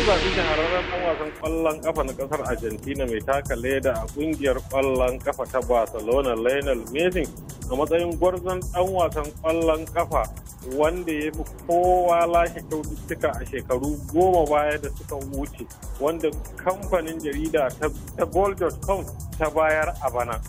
an zaɓi shahararren ɗan wasan ƙwallon ƙafa na ƙasar Argentina mai taka leda a ƙungiyar ƙwallon ƙafa ta Barcelona Lionel Messi a matsayin gwarzon ɗan wasan ƙwallon ƙafa wanda ya fi kowa lashe kyaututtuka a shekaru goma baya da suka wuce wanda kamfanin jarida ta gold.com ta bayar a bana.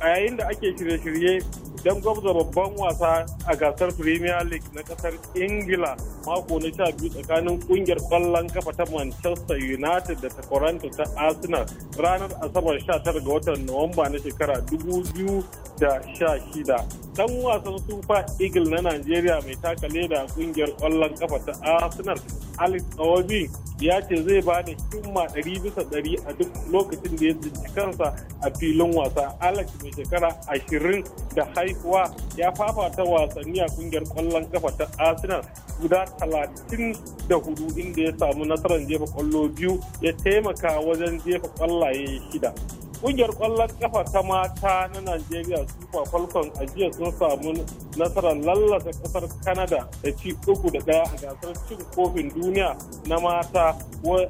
A yayin da ake shirye-shirye don gwabza babban wasa a gasar premier league na kasar ingila mako na sha biyu tsakanin kungiyar kwallon kafa ta manchester united da ta koranta ta arsenal ranar asabar 19 ga watan nuwamba na shekara biyu. da sha shida dan wasan super eagle na najeriya mai taka leda kungiyar kwallon kafa ta arsenal alex awobi ya ce zai ba da himma 100 bisa 100 a duk lokacin da ya tsinci kansa a filin wasa alex mai shekara ashirin da haihuwa ya fafata wasanni a kungiyar kwallon kafa ta arsenal guda talatin da 34 inda ya samu nasarar jefa kwallo biyu ya taimaka wajen jefa kwallaye shida Kungiyar kwallon kafa ta mata na Najeriya Super Falcon a jiya sun samu nasarar lallasa kasar Kanada da ci uku da ɗaya a gasar cin kofin duniya na mata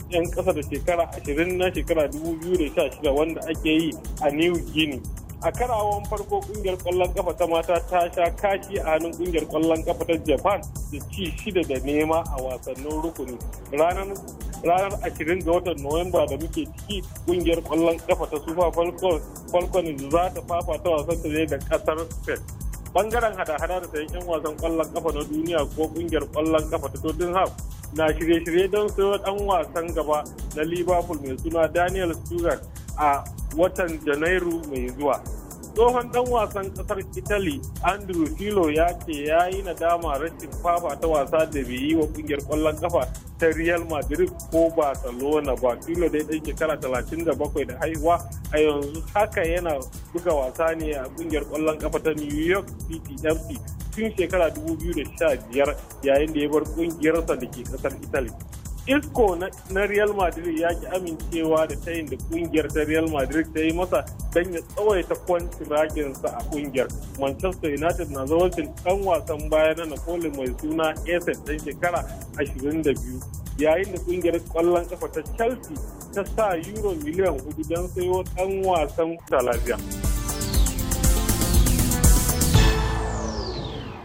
yan ƙasa da shekara ashirin na shekara 2016 wanda ake yi a New Guinea. a karawan farko kungiyar kwallon kafa ta mata ta sha kashi a hannun kungiyar kwallon kafa ta japan da ci shida da nema a wasannin rukuni ranar ranar 20 ga watan nuwamba da muke ciki kungiyar kwallon kafa ta sufa falcon za ta fafa ta wasan ta da kasar spain bangaren hada-hada da sayan 'yan wasan kwallon kafa na duniya ko kungiyar kwallon kafa ta tottenham na shirye-shirye don sayo dan wasan gaba na liverpool mai suna daniel stewart a watan janairu mai zuwa tsohon dan wasan kasar italy andrew filo ya ce ya yi nadama rashin fafa ta wasa da bai yi wa kungiyar kwallon kafa ta real madrid ko barcelona ba filo dai dan shekara 37 da haihuwa a yanzu haka yana buga wasa ne a kungiyar kwallon kafa ta new york city fc tun shekara 2015 yayin da ya bar kungiyarsa da ke kasar italy Isco na Real Madrid ya ki amincewa da tayin da kungiyar ta Real Madrid ta yi masa don ya tsawaita kwantiraginsa a kungiyar. Manchester United na zawancin ɗan wasan baya na Napoli mai suna Esen ɗan shekara 22. Yayin da kungiyar kwallon kafa ta Chelsea ta sa euro miliyan 4 don sayo ɗan wasan Talabiya.